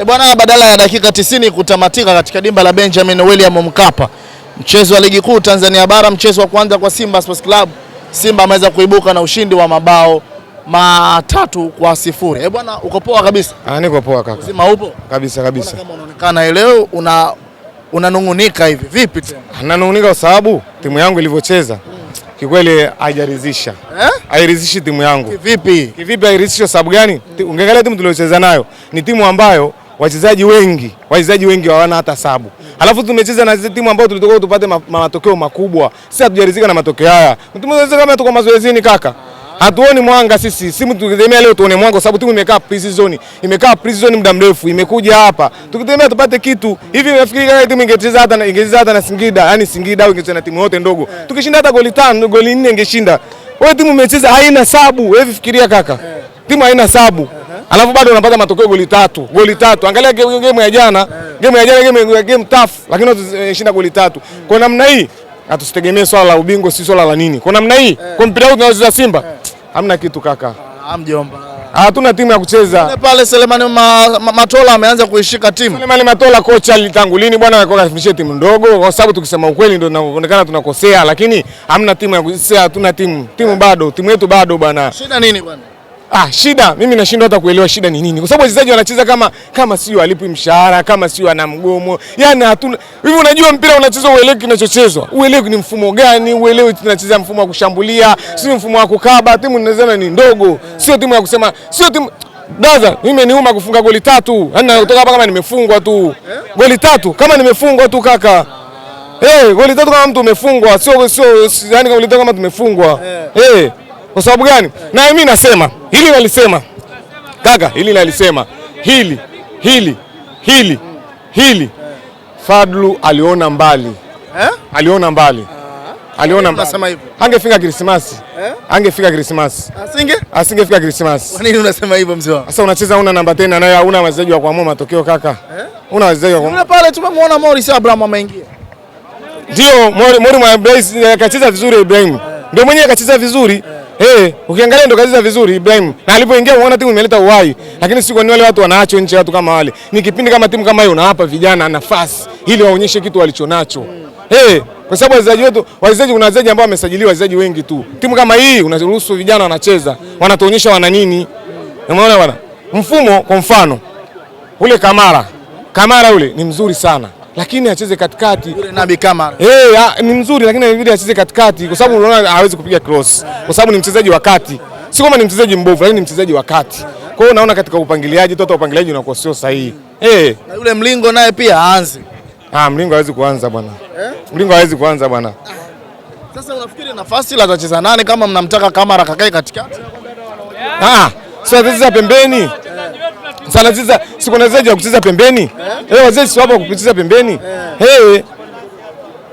E bwana, badala ya dakika 90 kutamatika katika dimba la Benjamin William Mkapa, mchezo wa ligi kuu Tanzania bara, mchezo wa kwanza kwa Simba Sports Club, Simba ameweza kuibuka na ushindi wa mabao matatu kwa sifuri. E bwana, uko poa kabisa? Ah, niko poa kaka. Sima upo? Kabisa kabisa. Kama unaonekana leo una unanungunika hivi. Vipi tena? Nanungunika kwa sababu timu yangu ilivyocheza kikweli haijaridhisha. Eh? Hairidhishi timu yangu. Kivipi? Kivipi hairidhishi sababu gani? Mm. Ungeangalia timu tuliocheza nayo ni timu ambayo wachezaji wengi wachezaji wengi hawana hata sabu, alafu tumecheza na zile timu ambazo tulitoka tupate matokeo makubwa. Sisi hatujarizika na matokeo haya, kama tuko mazoezini kaka, hatuoni mwanga sisi. Simu tukitegemea leo tuone mwanga, sababu timu imekaa pre-season, imekaa pre-season muda mrefu, imekuja hapa tukitegemea tupate kitu hivi. Nafikiri kama timu ingecheza hata na ingecheza hata na Singida, yani Singida au ingecheza na timu yote ndogo, eh. tukishinda hata goli tano goli nne ingeshinda. Wewe timu umecheza haina sabu, wewe fikiria kaka, eh. timu haina sabu. Eh alafu bado unapata matokeo goli tatu goli tatu. Angalia game ya jana, game ya jana, game ya game tough, lakini unashinda eh, goli tatu kwa namna hii. Hatusitegemee swala la ubingo, si swala la nini. Kwa namna hii, eh. kwa mpira huu tunaocheza Simba eh. hamna kitu kaka, hamjomba ah, hatuna timu ya kucheza pale. Selemani ma, ma, Matola ameanza kuishika timu. Selemani Matola kocha alitangu lini bwana, akafundisha timu ndogo, kwa sababu tukisema ukweli ndio inaonekana tunakosea, lakini hamna timu ya kucheza, hatuna timu timu bado, timu yetu bado bwana. Shida nini bwana? Ah, shida mimi nashindwa hata kuelewa shida ni nini, kwa sababu wachezaji wanacheza kama kama sio alipwi mshahara, kama sio ana mgomo, yani hatuna hivi. Unajua mpira unachezwa, uelewi kinachochezwa, uelewi ni mfumo gani, uelewi tunacheza mfumo wa kushambulia, sio mfumo wa kukaba. Timu inawezana ni ndogo, sio timu ya kusema, sio timu Daza, mimi ni uma kufunga goli tatu, yaani kutoka hapa kama nimefungwa tu goli tatu, kama nimefungwa tu kaka Eh, hey, goli tatu kama mtu umefungwa, sio sio, yaani goli tatu kama tumefungwa. Eh. Hey. Eh. Kwa sababu gani? Na mimi nasema hili nalisema, kaka, hili nalisema, hili hili hili hili, Fadlu aliona mbali eh? aliona mbali ah. aliona mbali. Angefika Krismasi eh? angefika Krismasi asinge asingefika Krismasi. Kwa nini unasema hivyo mzee wangu? Sasa unacheza una namba 10 nayo, una wachezaji wa kuamua matokeo kaka eh? una wachezaji wa kuamua pale. Tumemwona Morris Abraham ameingia, ndio Morris akacheza eh, vizuri. Ibrahim ndio mwenyewe akacheza vizuri eh. Eh, ukiangalia ndo kazi za vizuri Ibrahim. Na alipoingia unaona timu imeleta uhai. Lakini si kwa nini wale watu wanaacho nje watu kama wale. Ni kipindi kama timu kama hiyo unawapa vijana nafasi ili waonyeshe kitu walichonacho. Eh, kwa sababu wachezaji wetu, wachezaji kuna wachezaji ambao wamesajiliwa wachezaji wengi tu. Timu kama hii unaruhusu vijana wanacheza, wanatuonyesha wana nini. Unaona bwana? Mfumo kwa mfano ule Kamara. Kamara ule ni mzuri sana lakini acheze katikati. Nabi kama eh, hey, ni mzuri lakini inabidi acheze katikati, kwa sababu unaona hawezi kupiga cross, kwa sababu ni mchezaji wa kati, si kama ni mchezaji mbovu, lakini ni mchezaji wa kati. Kwa hiyo unaona katika upangiliaji toto upangiliaji unakuwa sio sahihi eh. hey. Na yule mlingo naye pia aanze. Ah, mlingo hawezi kuanza bwana eh? Mlingo hawezi kuanza bwana. Sasa unafikiri nafasi la atacheza nani kama mnamtaka Kamara kakae katikati? Ah, sio atacheza pembeni sana sasa, siku na wachezaji kucheza pembeni eh, eh wazee wapo kucheza pembeni eh,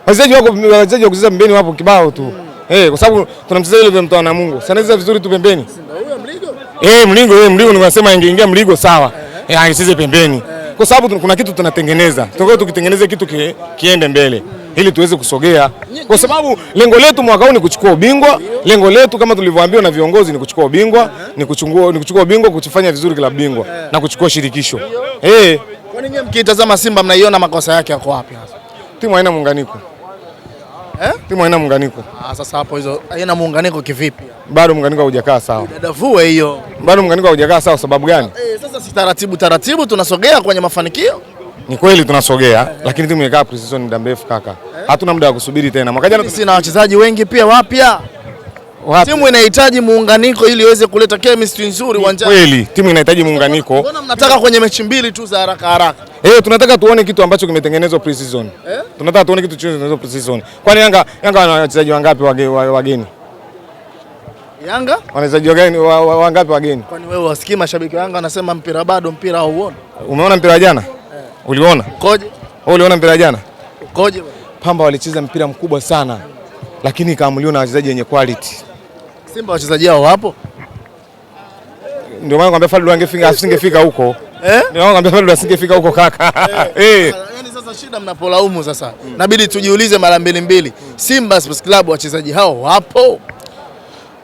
Wazee wako wazee wa kucheza pembeni wapo kibao tu hmm. eh, kwa sababu tuna ile yule mtoa na Mungu sana sasa vizuri tu pembeni. Huyo mlingo eh, Mligo eh, Mligo ingeingia mlingo sawa eh, eh angecheze pembeni eh. kwa sababu kuna kitu tunatengeneza, tunakuwa tukitengeneza kitu kiende mbele. Hmm ili tuweze kusogea, kwa sababu lengo letu mwaka huu ni kuchukua ubingwa. Lengo letu kama tulivyoambiwa na viongozi ni kuchukua ubingwa, ni kuchungua, ni kuchukua ubingwa, kuchifanya vizuri kila bingwa na kuchukua shirikisho. Eh, kwa nini mkitazama Simba mnaiona makosa yake yako wapi? Timu haina muunganiko eh? Timu haina muunganiko. Ah, sasa hapo hizo haina muunganiko kivipi? Bado muunganiko haujakaa sawa. Dadavue hiyo. Bado muunganiko haujakaa sawa, sababu gani? Eh, sasa si taratibu taratibu tunasogea kwenye mafanikio. Ni kweli tunasogea, lakini timu imekaa pre-season muda mrefu kaka, hatuna muda wa kusubiri tena. Mwaka jana sisi na wachezaji wengi pia wapya Timu inahitaji muunganiko ili iweze kuleta chemistry nzuri uwanjani. Kweli, timu inahitaji muunganiko. Mbona mnataka kwenye mechi mbili tu za haraka haraka? Eh, tunataka tuone kitu ambacho kimetengenezwa pre-season. Eh? Tunataka tuone kitu kimetengenezwa pre-season. Kwani Yanga Yanga wana wachezaji wangapi wageni? Yanga? Wachezaji wageni wangapi wageni? Kwani wewe wasikii mashabiki wa Yanga wanasema mpira bado mpira hauoni? Umeona mpira jana? Uliona? Koje? Wewe uliona mpira jana? Koje? Pamba walicheza mpira mkubwa sana lakini ikaamuliwa na wachezaji wenye quality. Simba wachezaji hao wapo? Ndio maana nakwambia Fadlu angefika asingefika huko. Eh? Ndio maana nakwambia Fadlu asingefika huko kaka. Eh. eh. Yaani sasa shida mnapolaumu sasa. Inabidi tujiulize mara mbili mbili. Simba Sports Club wachezaji hao wapo?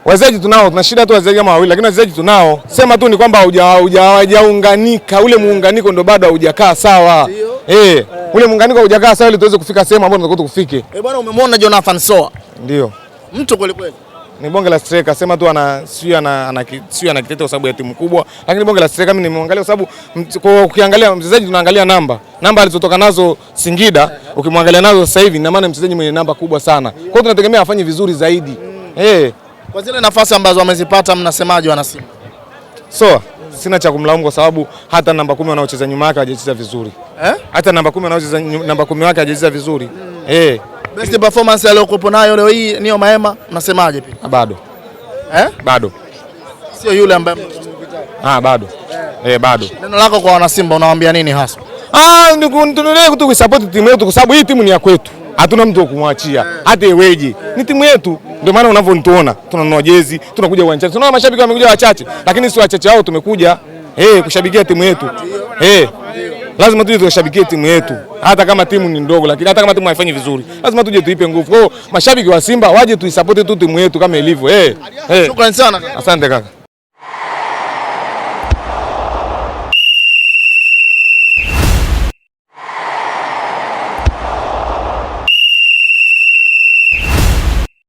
wazaji tunao, tuna shida tu wazaji kama wawili, lakini wazaji tunao. Sema tu ni kwamba haujaunganika, ule muunganiko ndio bado haujakaa sawa. Eh, eh, ule muunganiko haujakaa sawa ili tuweze kufika sehemu ambayo tunataka tufike. Eh, bwana umemwona Jonathan Soa? Ndio. Mtu kweli kweli. Ni bonge la striker, sema tu ana sio ana ana sio ana kitete kwa sababu ya timu kubwa, lakini bonge la striker mimi nimeangalia kwa sababu ukiangalia mchezaji tunaangalia namba. Namba alizotoka nazo Singida, ukimwangalia nazo sasa hivi ina maana mchezaji mwenye namba kubwa sana. Kwa hiyo tunategemea afanye vizuri zaidi. Mm. Eh. Hey. Kwa zile nafasi ambazo wamezipata, mnasemaje wana wanasimba? So sina cha kumlaumu kwa sababu hata namba kumi wanaocheza nyuma yake hajacheza vizuri eh? hata namba kumi wanaocheza namba kumi wake hajacheza vizuri mm. eh. Best performance aliyokuwa nayo leo hii niyo Maema mnasemaje pia? Ah, bado eh? bado sio yule ambaye ah, bado eh, hey, eh, bado. Neno lako kwa wana Simba unawaambia nini hasa? Ah, nikuendelee tu support timu yetu kwa sababu hii timu ni ya kwetu, hatuna mtu wa kumwachia, eh. hata iweje ni timu yetu. Ndio maana unavyonituona tunanunua jezi, tunakuja uwanjani. Tunao mashabiki wamekuja wachache, lakini sio wachache hao, tumekuja hey, eh, kushabikia timu yetu hey. Eh, lazima tuje tushabikie timu yetu, hata kama timu ni ndogo, lakini hata kama timu haifanyi vizuri, lazima tuje tuipe nguvu. Kwa hiyo mashabiki wa Simba waje tuisapoti tu timu yetu kama ilivyo. Hey, eh, hey. Shukrani sana, asante kaka.